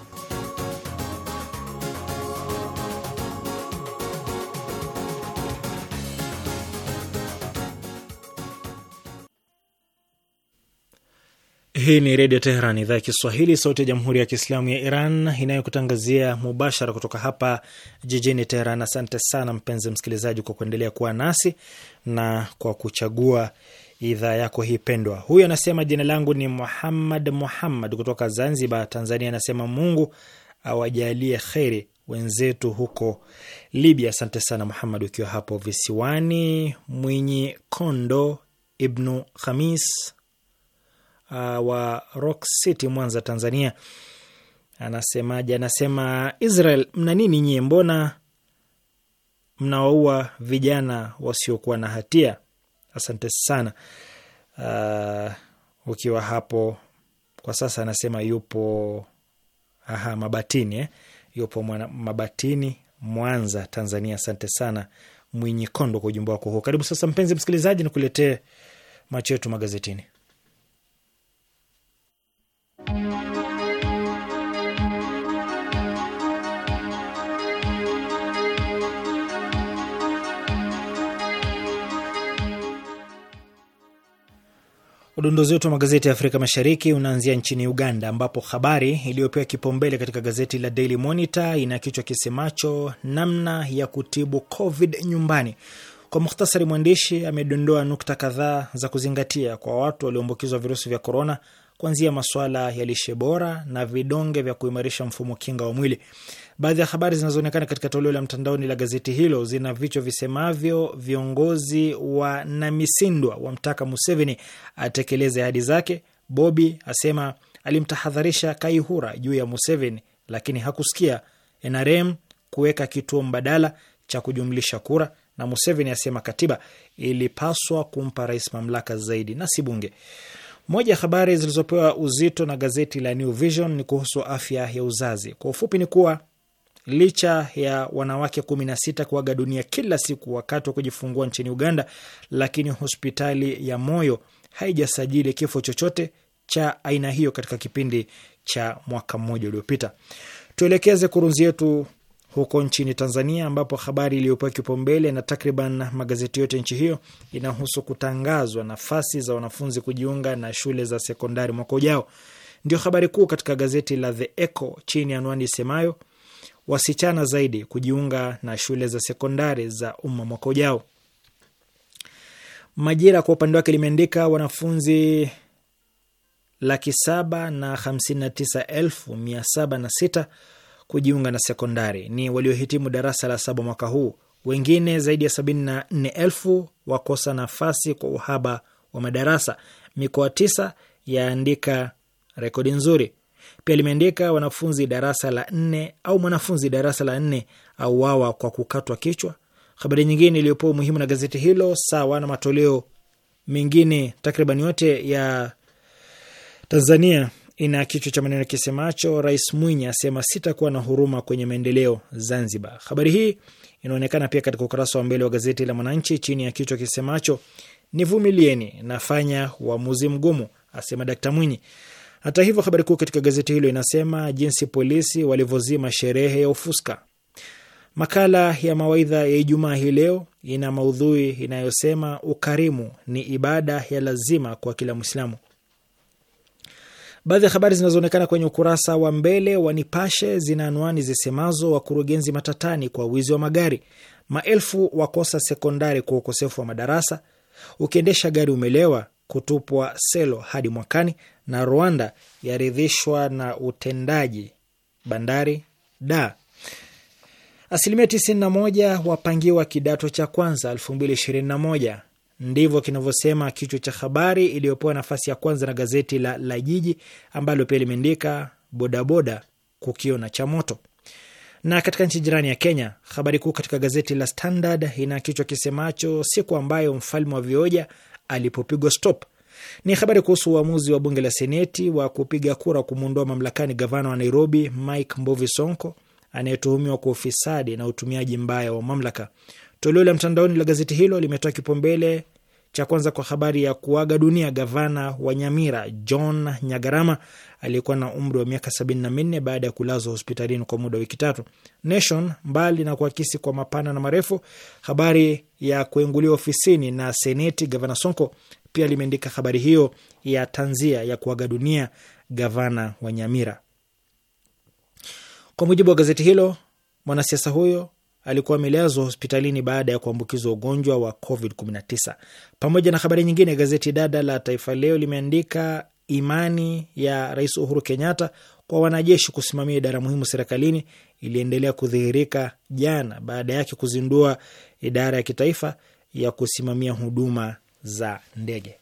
Hii ni Redio Teheran, idhaa ya Kiswahili, sauti ya Jamhuri ya Kiislamu ya Iran, inayokutangazia mubashara kutoka hapa jijini Teheran. Asante sana mpenzi msikilizaji, kwa kuendelea kuwa nasi na kwa kuchagua idhaa yako hii pendwa. Huyu anasema jina langu ni Muhammad Muhammad kutoka Zanzibar, Tanzania. Anasema Mungu awajalie kheri wenzetu huko Libya. Asante sana Muhammad, ukiwa hapo visiwani Mwinyi Kondo, Ibnu Khamis uh, wa Rock City, Mwanza, Tanzania, anasemaje? Anasema Israel, mna nini nyie? Mbona mnawaua vijana wasiokuwa na hatia? Asante sana uh, ukiwa hapo kwa sasa. Anasema yupo aha, Mabatini eh? yupo mwana, Mabatini, Mwanza, Tanzania. Asante sana Mwinyi Kondo kwa ujumbe wako huo. Karibu sasa, mpenzi msikilizaji, nikuletee macho yetu magazetini. Udondozi wetu wa magazeti ya Afrika Mashariki unaanzia nchini Uganda, ambapo habari iliyopewa kipaumbele katika gazeti la Daily Monitor ina kichwa kisemacho namna ya kutibu COVID nyumbani. Kwa muhtasari, mwandishi amedondoa nukta kadhaa za kuzingatia kwa watu walioambukizwa virusi vya korona, kuanzia masuala ya lishe bora na vidonge vya kuimarisha mfumo kinga wa mwili. Baadhi ya habari zinazoonekana katika toleo la mtandaoni la gazeti hilo zina vichwa visemavyo: viongozi wa Namisindwa wamtaka Museveni atekeleze ahadi zake, Bobi asema alimtahadharisha Kaihura juu ya Museveni lakini hakusikia, NRM kuweka kituo mbadala cha kujumlisha kura, na Museveni asema katiba ilipaswa kumpa rais mamlaka zaidi na si bunge. Moja ya habari zilizopewa uzito na gazeti la New Vision ni kuhusu afya ya uzazi. Kwa ufupi ni kuwa licha ya wanawake 16 kuaga dunia kila siku wakati wa kujifungua nchini Uganda, lakini hospitali ya moyo haijasajili kifo chochote cha aina hiyo katika kipindi cha mwaka mmoja uliopita. Tuelekeze kurunzi yetu huko nchini Tanzania, ambapo habari iliyopewa kipaumbele na takriban magazeti yote nchi hiyo inahusu kutangazwa nafasi za wanafunzi kujiunga na shule za sekondari mwaka ujao. Ndio habari kuu katika gazeti la The Echo chini ya anwani isemayo wasichana zaidi kujiunga na shule za sekondari za umma mwaka ujao. Majira kwa upande wake limeandika wanafunzi laki saba na hamsini na tisa elfu mia saba na sita kujiunga na sekondari ni waliohitimu darasa la saba mwaka huu. Wengine zaidi ya sabini na nne elfu wakosa nafasi kwa uhaba wa madarasa. Mikoa tisa yaandika rekodi nzuri. Pia limeandika wanafunzi darasa la nne au mwanafunzi darasa la nne auawa kwa kukatwa kichwa. Habari nyingine iliyopewa umuhimu na gazeti hilo sawa na matoleo mengine takriban yote ya Tanzania ina kichwa cha maneno kisemacho Rais Mwinyi asema sitakuwa na huruma kwenye maendeleo Zanzibar. Habari hii inaonekana pia katika ukurasa wa mbele wa gazeti la Mwananchi chini ya kichwa kisemacho nivumilieni, nafanya uamuzi mgumu, asema d Mwinyi. Hata hivyo, habari kuu katika gazeti hilo inasema jinsi polisi walivyozima sherehe ya ufuska. Makala ya mawaidha ya Ijumaa hii leo ina maudhui inayosema ukarimu ni ibada ya lazima kwa kila Mwislamu. Baadhi ya habari zinazoonekana kwenye ukurasa wa mbele wa Nipashe zina anwani zisemazo: wakurugenzi matatani kwa wizi wa magari, maelfu wakosa sekondari kwa ukosefu wa madarasa, ukiendesha gari umelewa kutupwa selo hadi mwakani, na Rwanda yaridhishwa na utendaji bandari da. Asilimia tisini na moja wapangiwa kidato cha kwanza elfu mbili ishirini na moja Ndivyo kinavyosema kichwa cha habari iliyopewa nafasi ya kwanza na gazeti la La Jiji ambalo pia limeandika bodaboda kukiona cha moto. Na katika nchi jirani ya Kenya, habari kuu katika gazeti la Standard ina kichwa kisemacho siku ambayo mfalme wa vioja alipopigwa stop ni habari kuhusu uamuzi wa bunge la Seneti wa kupiga kura kumwondoa mamlakani gavana wa Nairobi Mike Mbovi Sonko anayetuhumiwa kwa ufisadi na utumiaji mbaya wa mamlaka. Toleo la mtandaoni la gazeti hilo limetoa kipaumbele cha kwanza kwa habari ya kuaga dunia gavana wa Nyamira John Nyagarama aliyekuwa na umri wa miaka sabini na minne baada ya kulazwa hospitalini kwa muda wa wiki tatu. Nation, mbali na kuakisi kwa mapana na marefu habari ya kuinguliwa ofisini na seneti gavana Sonko, pia limeandika habari hiyo ya tanzia ya kuaga dunia gavana wa Nyamira. Kwa mujibu wa gazeti hilo, mwanasiasa huyo alikuwa amelazwa hospitalini baada ya kuambukizwa ugonjwa wa COVID-19. Pamoja na habari nyingine, gazeti dada la Taifa Leo limeandika imani ya Rais Uhuru Kenyatta kwa wanajeshi kusimamia idara muhimu serikalini iliendelea kudhihirika jana baada yake kuzindua idara ya kitaifa ya kusimamia huduma za ndege.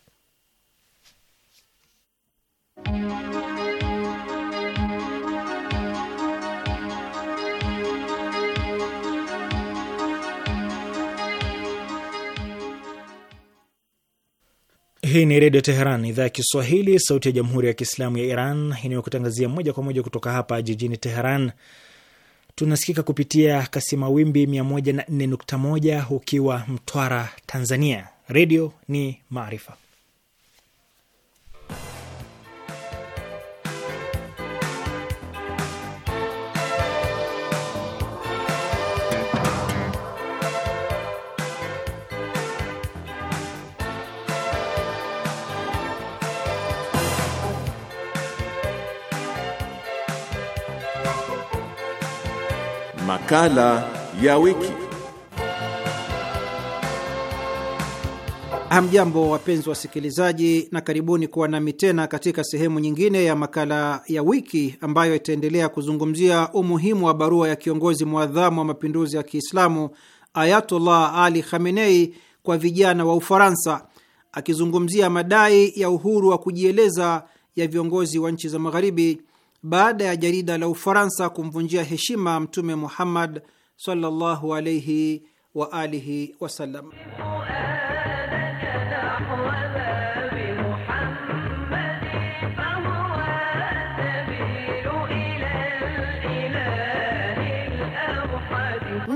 Hii ni Redio Teheran, idhaa ya Kiswahili, sauti ya Jamhuri ya Kiislamu ya Iran inayokutangazia moja kwa moja kutoka hapa jijini Teheran. Tunasikika kupitia kasi mawimbi 104.1 ukiwa Mtwara, Tanzania, Redio ni maarifa. Makala ya wiki. Hamjambo, wapenzi wasikilizaji, na karibuni kuwa nami tena katika sehemu nyingine ya makala ya wiki ambayo itaendelea kuzungumzia umuhimu wa barua ya kiongozi mwadhamu wa mapinduzi ya Kiislamu Ayatollah Ali Khamenei kwa vijana wa Ufaransa, akizungumzia madai ya uhuru wa kujieleza ya viongozi wa nchi za Magharibi baada ya jarida la Ufaransa kumvunjia heshima Mtume Muhammad sallallahu alaihi wa alihi wasallam.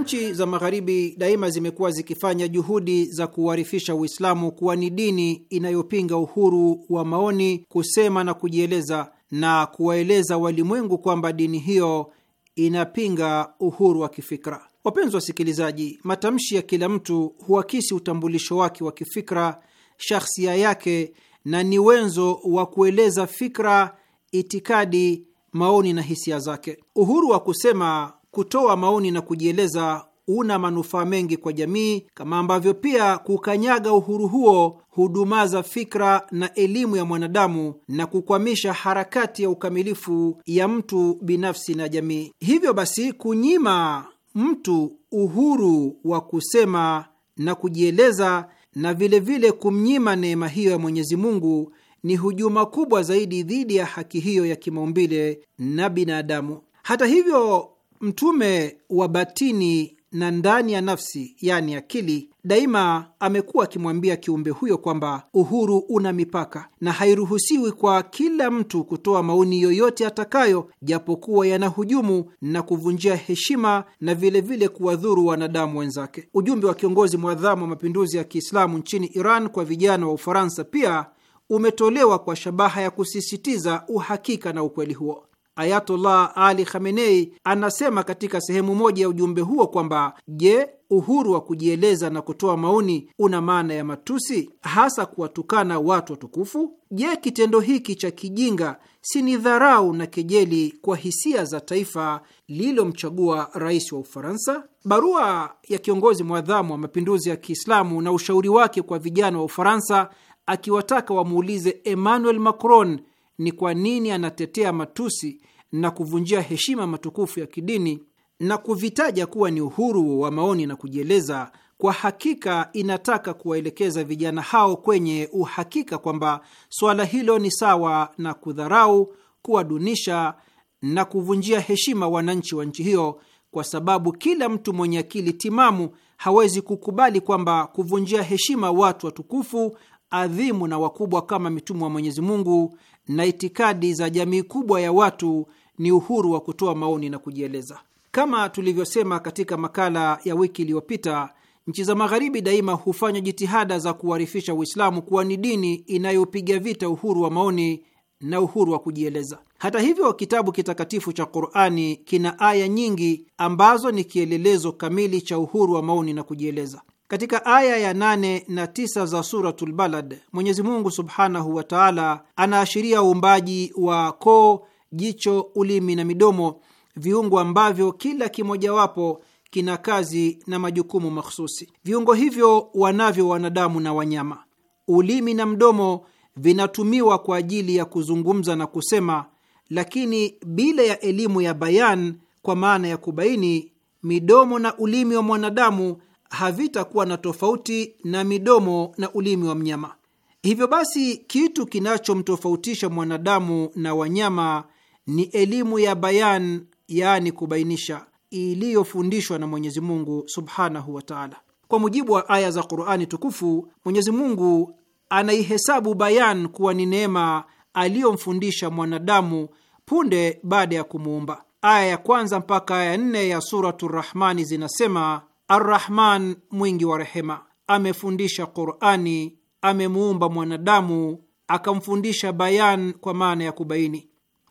Nchi za Magharibi daima zimekuwa zikifanya juhudi za kuuharifisha Uislamu kuwa ni dini inayopinga uhuru wa maoni, kusema na kujieleza, na kuwaeleza walimwengu kwamba dini hiyo inapinga uhuru wa kifikra. Wapenzi wasikilizaji, matamshi ya kila mtu huakisi utambulisho wake wa kifikra, shahsia yake, na ni wenzo wa kueleza fikra, itikadi, maoni na hisia zake. Uhuru wa kusema kutoa maoni na kujieleza una manufaa mengi kwa jamii, kama ambavyo pia kukanyaga uhuru huo hudumaza fikra na elimu ya mwanadamu na kukwamisha harakati ya ukamilifu ya mtu binafsi na jamii. Hivyo basi, kunyima mtu uhuru wa kusema na kujieleza na vilevile vile kumnyima neema hiyo ya Mwenyezi Mungu ni hujuma kubwa zaidi dhidi ya haki hiyo ya kimaumbile na binadamu. Hata hivyo Mtume wa batini na ndani ya nafsi, yaani akili, daima amekuwa akimwambia kiumbe huyo kwamba uhuru una mipaka na hairuhusiwi kwa kila mtu kutoa maoni yoyote atakayo, japokuwa yanahujumu na kuvunjia heshima na vilevile kuwadhuru wanadamu wenzake. Ujumbe wa kiongozi mwadhamu wa mapinduzi ya Kiislamu nchini Iran kwa vijana wa Ufaransa pia umetolewa kwa shabaha ya kusisitiza uhakika na ukweli huo. Ayatollah Ali Khamenei anasema katika sehemu moja ya ujumbe huo kwamba je, uhuru wa kujieleza na kutoa maoni una maana ya matusi, hasa kuwatukana watu watukufu? Je, kitendo hiki cha kijinga si ni dharau na kejeli kwa hisia za taifa lililomchagua rais wa Ufaransa? Barua ya kiongozi mwadhamu wa mapinduzi ya Kiislamu na ushauri wake kwa vijana wa Ufaransa akiwataka wamuulize Emmanuel Macron ni kwa nini anatetea matusi na kuvunjia heshima matukufu ya kidini na kuvitaja kuwa ni uhuru wa maoni na kujieleza, kwa hakika inataka kuwaelekeza vijana hao kwenye uhakika kwamba suala hilo ni sawa na kudharau, kuwadunisha na kuvunjia heshima wananchi wa nchi hiyo, kwa sababu kila mtu mwenye akili timamu hawezi kukubali kwamba kuvunjia heshima watu watukufu adhimu na wakubwa kama mitume wa Mwenyezi Mungu na itikadi za jamii kubwa ya watu ni uhuru wa kutoa maoni na kujieleza. Kama tulivyosema katika makala ya wiki iliyopita, nchi za Magharibi daima hufanya jitihada za kuwarifisha Uislamu kuwa ni dini inayopiga vita uhuru wa maoni na uhuru wa kujieleza. Hata hivyo, kitabu kitakatifu cha Qur'ani kina aya nyingi ambazo ni kielelezo kamili cha uhuru wa maoni na kujieleza. Katika aya ya nane na tisa za Suratul Balad, Mwenyezi Mungu subhanahu wa taala anaashiria uumbaji wa koo jicho, ulimi na midomo, viungo ambavyo kila kimojawapo kina kazi na majukumu mahsusi. Viungo hivyo wanavyo wanadamu na wanyama. Ulimi na mdomo vinatumiwa kwa ajili ya kuzungumza na kusema, lakini bila ya elimu ya bayan, kwa maana ya kubaini, midomo na ulimi wa mwanadamu havitakuwa na tofauti na midomo na ulimi wa mnyama. Hivyo basi, kitu kinachomtofautisha mwanadamu na wanyama ni elimu ya bayan, yaani kubainisha, iliyofundishwa na Mwenyezi Mungu subhanahu wa taala. Kwa mujibu wa aya za Qurani Tukufu, Mwenyezi Mungu anaihesabu bayan kuwa ni neema aliyomfundisha mwanadamu punde baada ya kumuumba. Aya ya kwanza mpaka aya ya nne ya Suratu Rahmani zinasema: Arrahman mwingi wa rehema, amefundisha Qurani, amemuumba mwanadamu akamfundisha bayan kwa maana ya kubaini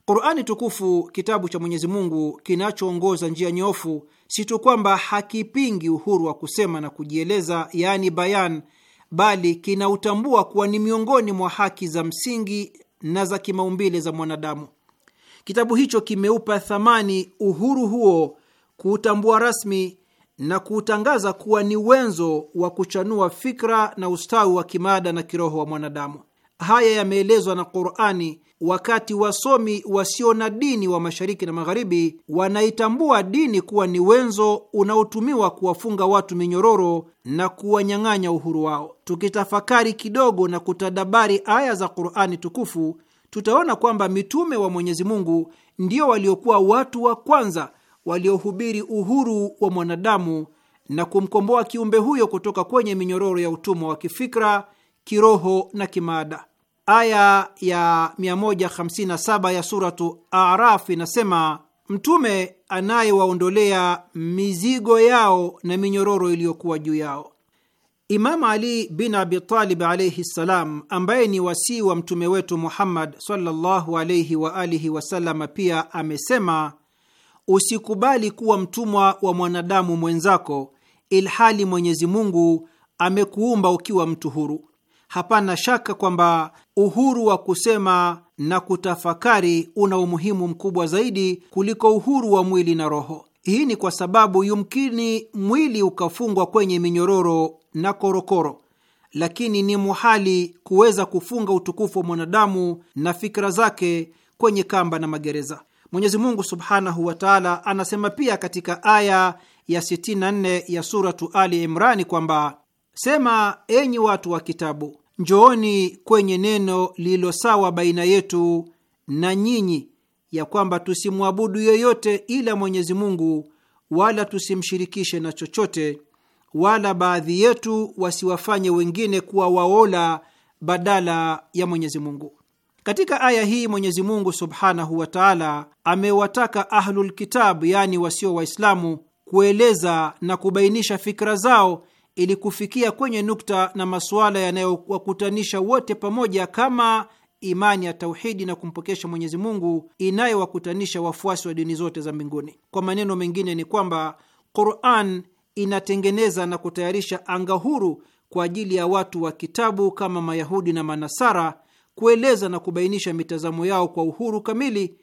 Qurani tukufu, kitabu cha Mwenyezi Mungu kinachoongoza njia nyofu, si tu kwamba hakipingi uhuru wa kusema na kujieleza, yaani bayan, bali kinautambua kuwa ni miongoni mwa haki za msingi na za kimaumbile za mwanadamu. Kitabu hicho kimeupa thamani uhuru huo, kuutambua rasmi na kuutangaza kuwa ni wenzo wa kuchanua fikra na ustawi wa kimaada na kiroho wa mwanadamu. Haya yameelezwa na Qurani wakati wasomi wasio na dini wa mashariki na magharibi wanaitambua dini kuwa ni wenzo unaotumiwa kuwafunga watu minyororo na kuwanyang'anya uhuru wao. Tukitafakari kidogo na kutadabari aya za Qurani tukufu tutaona kwamba mitume wa Mwenyezi Mungu ndio waliokuwa watu wa kwanza waliohubiri uhuru wa mwanadamu na kumkomboa kiumbe huyo kutoka kwenye minyororo ya utumwa wa kifikra kiroho na kimaada. Aya ya 157 ya Suratu Araf inasema Mtume anayewaondolea mizigo yao na minyororo iliyokuwa juu yao. Imam Ali bin Abi Talib alaihi ssalam, ambaye ni wasii wa mtume wetu Muhammad sallallahu wa alihi wasallam, pia amesema, usikubali kuwa mtumwa wa mwanadamu mwenzako, ilhali Mwenyezi Mungu amekuumba ukiwa mtu huru hapana shaka kwamba uhuru wa kusema na kutafakari una umuhimu mkubwa zaidi kuliko uhuru wa mwili na roho. Hii ni kwa sababu yumkini mwili ukafungwa kwenye minyororo na korokoro, lakini ni muhali kuweza kufunga utukufu wa mwanadamu na fikra zake kwenye kamba na magereza. Mwenyezi Mungu subhanahu wa taala anasema pia katika aya ya 64 ya Suratu Ali Imrani kwamba Sema, enyi watu wa Kitabu, njooni kwenye neno lililo sawa baina yetu na nyinyi, ya kwamba tusimwabudu yoyote ila Mwenyezi Mungu, wala tusimshirikishe na chochote, wala baadhi yetu wasiwafanye wengine kuwa waola badala ya Mwenyezi Mungu. Katika aya hii Mwenyezi Mungu subhanahu wa taala amewataka Ahlulkitabu, yaani wasio Waislamu, kueleza na kubainisha fikra zao ili kufikia kwenye nukta na masuala yanayowakutanisha wote pamoja kama imani ya tauhidi na kumpokesha Mwenyezi Mungu inayowakutanisha wafuasi wa dini zote za mbinguni. Kwa maneno mengine ni kwamba Quran inatengeneza na kutayarisha anga huru kwa ajili ya watu wa kitabu kama Mayahudi na Manasara kueleza na kubainisha mitazamo yao kwa uhuru kamili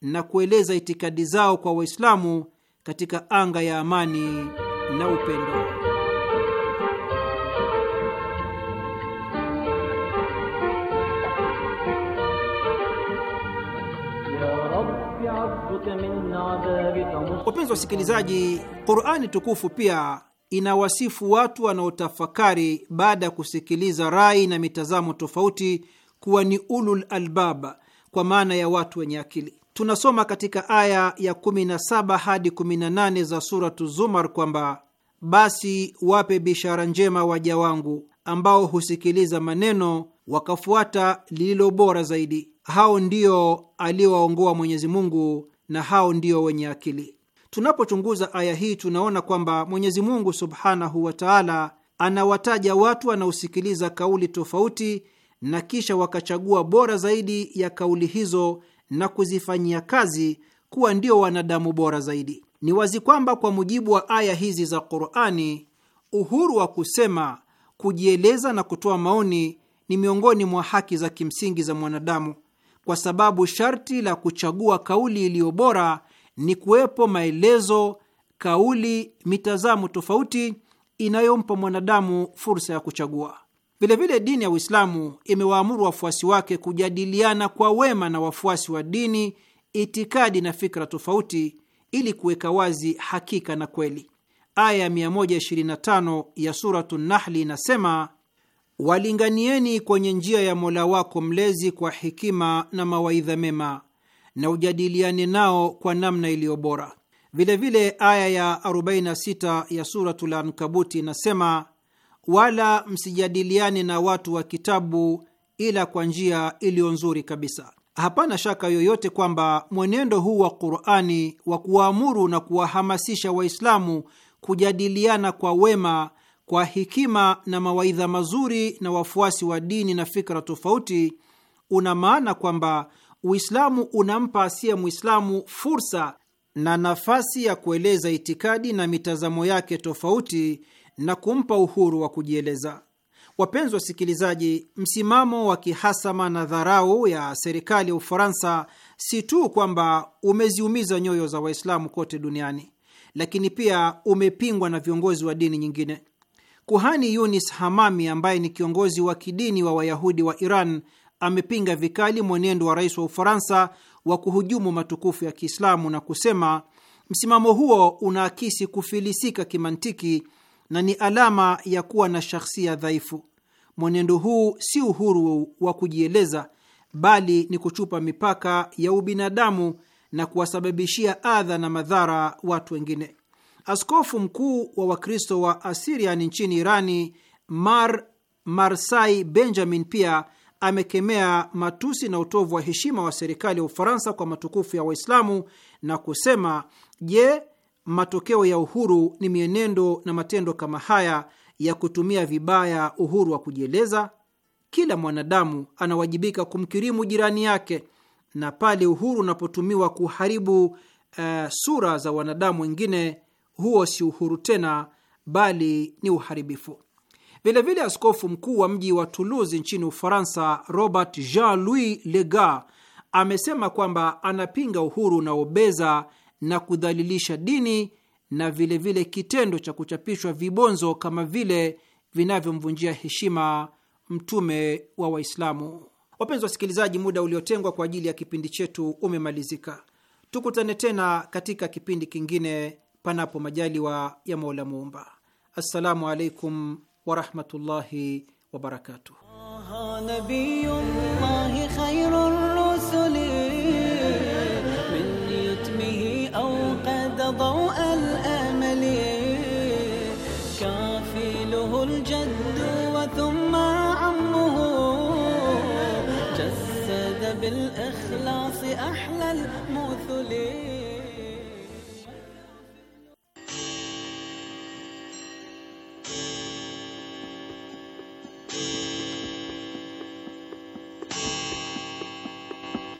na kueleza itikadi zao kwa Waislamu katika anga ya amani na upendo. Wapenzi wa wasikilizaji, Qurani tukufu pia inawasifu watu wanaotafakari baada ya kusikiliza rai na mitazamo tofauti kuwa ni ulul albab, kwa maana ya watu wenye akili. Tunasoma katika aya ya 17 hadi 18 za Suratu Zumar kwamba basi wape bishara njema waja wangu ambao husikiliza maneno wakafuata lililo bora zaidi. Hao ndio aliowaongoa Mwenyezi Mungu na hao ndio wenye akili. Tunapochunguza aya hii, tunaona kwamba Mwenyezi Mungu subhanahu wa taala anawataja watu wanaosikiliza kauli tofauti na kisha wakachagua bora zaidi ya kauli hizo na kuzifanyia kazi kuwa ndio wanadamu bora zaidi. Ni wazi kwamba kwa mujibu wa aya hizi za Qur'ani, uhuru wa kusema, kujieleza na kutoa maoni ni miongoni mwa haki za kimsingi za mwanadamu kwa sababu sharti la kuchagua kauli iliyo bora ni kuwepo maelezo, kauli, mitazamo tofauti inayompa mwanadamu fursa ya kuchagua. Vilevile, dini ya Uislamu imewaamuru wafuasi wake kujadiliana kwa wema na wafuasi wa dini, itikadi na fikra tofauti ili kuweka wazi hakika na kweli. Aya ya 125 ya Suratu Nahli inasema Walinganieni kwenye njia ya Mola wako mlezi kwa hekima na mawaidha mema, na ujadiliane nao kwa namna iliyo bora. Vilevile aya ya 46 ya Suratul Ankabuti inasema, wala msijadiliane na watu wa kitabu ila kwa njia iliyo nzuri kabisa. Hapana shaka yoyote kwamba mwenendo huu wa Qur'ani wa kuwaamuru na kuwahamasisha Waislamu kujadiliana kwa wema kwa hikima na mawaidha mazuri na wafuasi wa dini na fikra tofauti, una maana kwamba Uislamu unampa asiye Mwislamu fursa na nafasi ya kueleza itikadi na mitazamo yake tofauti na kumpa uhuru wa kujieleza. Wapenzi wasikilizaji, msimamo wa kihasama na dharau ya serikali ya Ufaransa si tu kwamba umeziumiza nyoyo za Waislamu kote duniani, lakini pia umepingwa na viongozi wa dini nyingine. Kuhani Yunis Hamami ambaye ni kiongozi wa kidini wa Wayahudi wa Iran amepinga vikali mwenendo wa rais wa Ufaransa wa kuhujumu matukufu ya Kiislamu na kusema msimamo huo unaakisi kufilisika kimantiki na ni alama ya kuwa na shahsia dhaifu. Mwenendo huu si uhuru wa kujieleza, bali ni kuchupa mipaka ya ubinadamu na kuwasababishia adha na madhara watu wengine. Askofu mkuu wa Wakristo wa Asirian nchini Irani, Mar Marsai Benjamin, pia amekemea matusi na utovu wa heshima wa serikali ya Ufaransa kwa matukufu ya Waislamu na kusema, je, matokeo ya uhuru ni mienendo na matendo kama haya ya kutumia vibaya uhuru wa kujieleza? Kila mwanadamu anawajibika kumkirimu jirani yake, na pale uhuru unapotumiwa kuharibu uh, sura za wanadamu wengine huo si uhuru tena, bali ni uharibifu. Vilevile, askofu mkuu wa mji wa Toulouse nchini Ufaransa, Robert Jean Louis lega amesema kwamba anapinga uhuru unaobeza na kudhalilisha dini na vilevile vile kitendo cha kuchapishwa vibonzo kama vile vinavyomvunjia heshima mtume wa Waislamu. Wapenzi wasikilizaji, muda uliotengwa kwa ajili ya kipindi chetu umemalizika. Tukutane tena katika kipindi kingine panapo majaliwa ya Mola Muumba. Assalamu alaikum warahmatullahi wabarakatuh.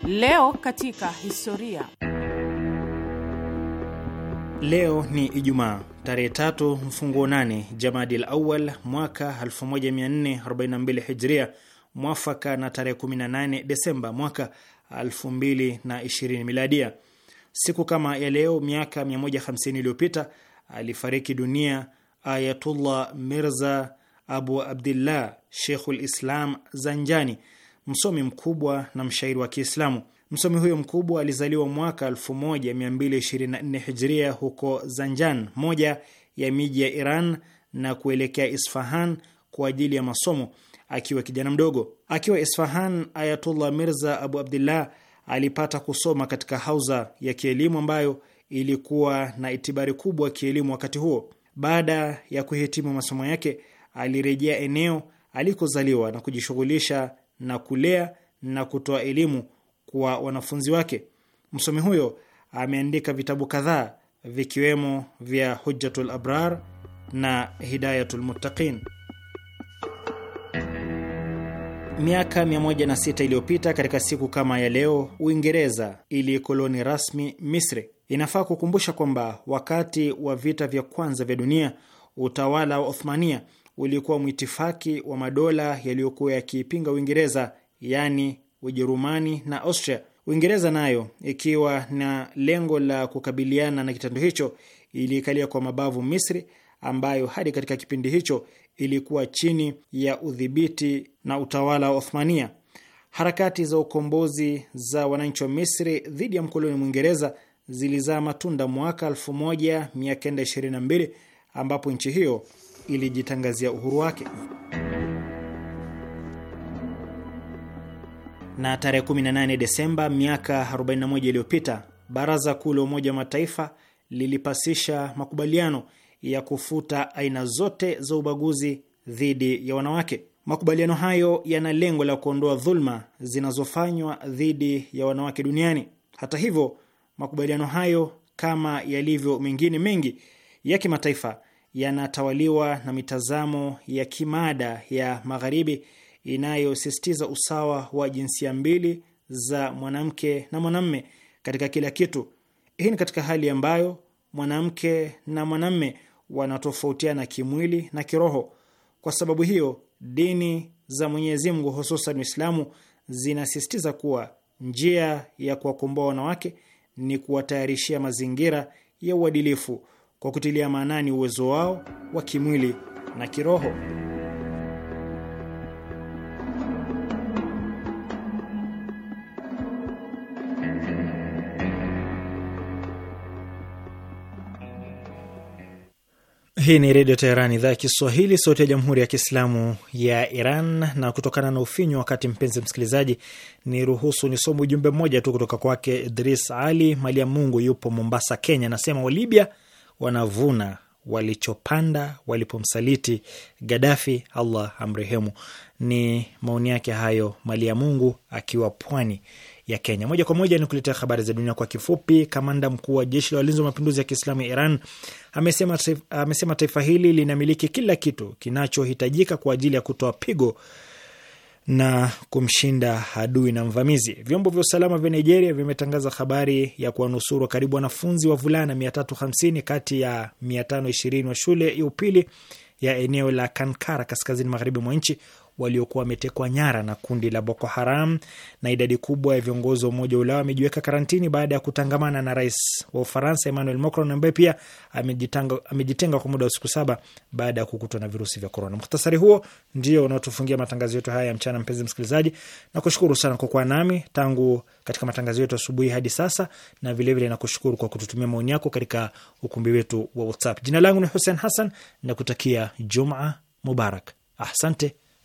Leo katika historia. Leo ni Ijumaa tarehe tatu mfunguo nane Jamadil Awal mwaka 1442 Hijria, mwafaka na tarehe 18 Desemba mwaka 2020 Miladia. Siku kama ya leo miaka 150 iliyopita alifariki dunia Ayatullah Mirza Abu Abdillah Sheikhul Islam Zanjani msomi mkubwa na mshairi wa Kiislamu. Msomi huyo mkubwa alizaliwa mwaka 1224 hijria huko Zanjan, moja ya miji ya Iran, na kuelekea Isfahan kwa ajili ya masomo akiwa kijana mdogo. Akiwa Isfahan, Ayatullah Mirza Abu Abdillah alipata kusoma katika hauza ya kielimu ambayo ilikuwa na itibari kubwa kielimu wakati huo. Baada ya kuhitimu masomo yake, alirejea eneo alikozaliwa na kujishughulisha na kulea na kutoa elimu kwa wanafunzi wake. Msomi huyo ameandika vitabu kadhaa vikiwemo vya Hujjatul Abrar na Hidayatul Muttaqin. Miaka 106 iliyopita katika siku kama ya leo, Uingereza ilikoloni rasmi Misri. Inafaa kukumbusha kwamba wakati wa vita vya kwanza vya dunia, utawala wa Othmania ulikuwa mwitifaki wa madola yaliyokuwa yakiipinga Uingereza, yaani Ujerumani na Austria. Uingereza nayo ikiwa na lengo la kukabiliana na kitendo hicho iliikalia kwa mabavu Misri ambayo hadi katika kipindi hicho ilikuwa chini ya udhibiti na utawala wa Othmania. Harakati za ukombozi za wananchi wa Misri dhidi ya mkoloni Mwingereza zilizaa matunda mwaka 1922 ambapo nchi hiyo ilijitangazia uhuru wake, na tarehe 18 Desemba miaka 41 iliyopita Baraza Kuu la Umoja wa Mataifa lilipasisha makubaliano ya kufuta aina zote za ubaguzi dhidi ya wanawake. Makubaliano hayo yana lengo la kuondoa dhuluma zinazofanywa dhidi ya wanawake duniani. Hata hivyo, makubaliano hayo kama yalivyo mengine mengi ya kimataifa yanatawaliwa na mitazamo ya kimada ya Magharibi inayosisitiza usawa wa jinsia mbili za mwanamke na mwanamme katika kila kitu. Hii ni katika hali ambayo mwanamke na mwanamme wanatofautiana kimwili na kiroho. Kwa sababu hiyo, dini za Mwenyezi Mungu, hususan Uislamu, zinasisitiza kuwa njia ya kuwakomboa wanawake ni kuwatayarishia mazingira ya uadilifu kwa kutilia maanani uwezo wao wa kimwili na kiroho. Hii ni Redio Teheran, idhaa ya Kiswahili, sauti ya Jamhuri ya Kiislamu ya Iran. Na kutokana na ufinyu wakati, mpenzi msikilizaji, ni ruhusu nisome ujumbe mmoja tu kutoka kwake Idris Ali ya Mungu, yupo Mombasa, Kenya. Anasema Walibya wanavuna walichopanda walipomsaliti Gadafi, Allah amrehemu. Ni maoni yake hayo, mali ya Mungu akiwa pwani ya Kenya. Moja kwa moja ni kuletea habari za dunia kwa kifupi. Kamanda mkuu wa jeshi la walinzi wa mapinduzi ya Kiislamu ya Iran amesema taifa hili linamiliki kila kitu kinachohitajika kwa ajili ya kutoa pigo na kumshinda adui na mvamizi. Vyombo vya usalama vya Nigeria vimetangaza habari ya kuwanusuru karibu wanafunzi wa vulana 350 kati ya 520 wa shule ya upili ya eneo la Kankara kaskazini magharibi mwa nchi waliokuwa wametekwa nyara na kundi la Boko Haram, na idadi kubwa ya viongozi wa Umoja wa Ulaya wamejiweka karantini baada ya kutangamana na rais wa Ufaransa Emmanuel Macron, ambaye pia amejitenga kwa muda wa siku saba baada ya kukutwa na virusi vya korona. Muhtasari huo ndio unaotufungia matangazo yetu haya ya mchana. Mpenzi msikilizaji, nakushukuru sana kwa kuwa nami tangu katika matangazo yetu asubuhi hadi sasa, na vilevile nakushukuru kwa kututumia maoni yako katika ukumbi wetu wa WhatsApp. Jina langu ni Hussein Hassan na kutakia Jumaa Mubarak. Asante. ah,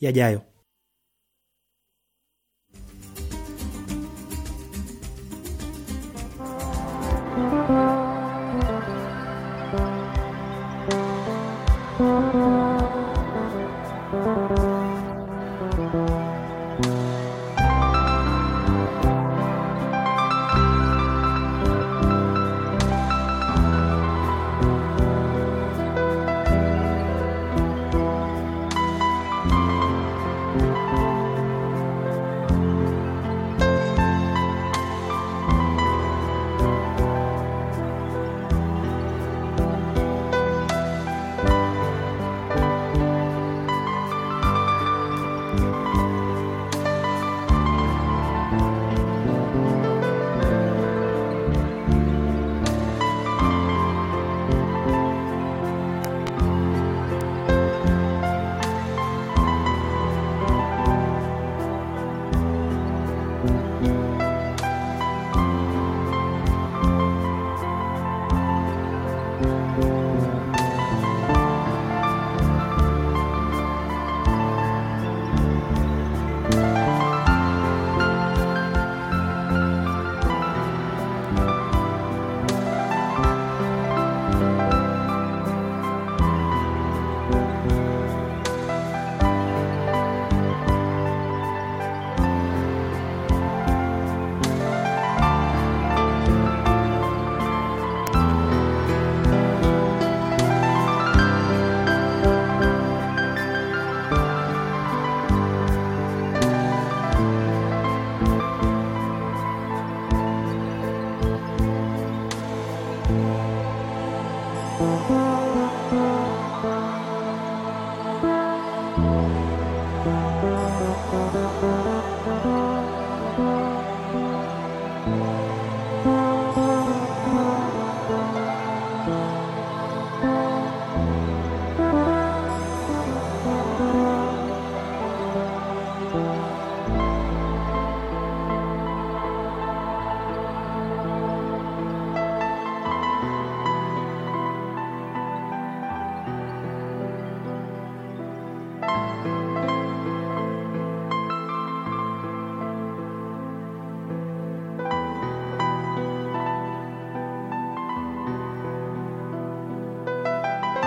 yajayo.